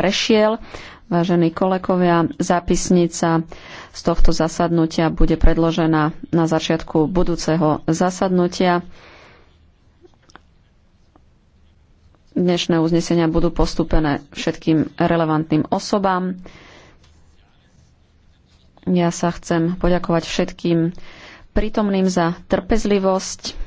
prešiel. Vážení kolegovia, zápisnica z tohto zasadnutia bude predložená na začiatku budúceho zasadnutia. Dnešné uznesenia budú postupené všetkým relevantným osobám. Ja sa chcem poďakovať všetkým prítomným za trpezlivosť.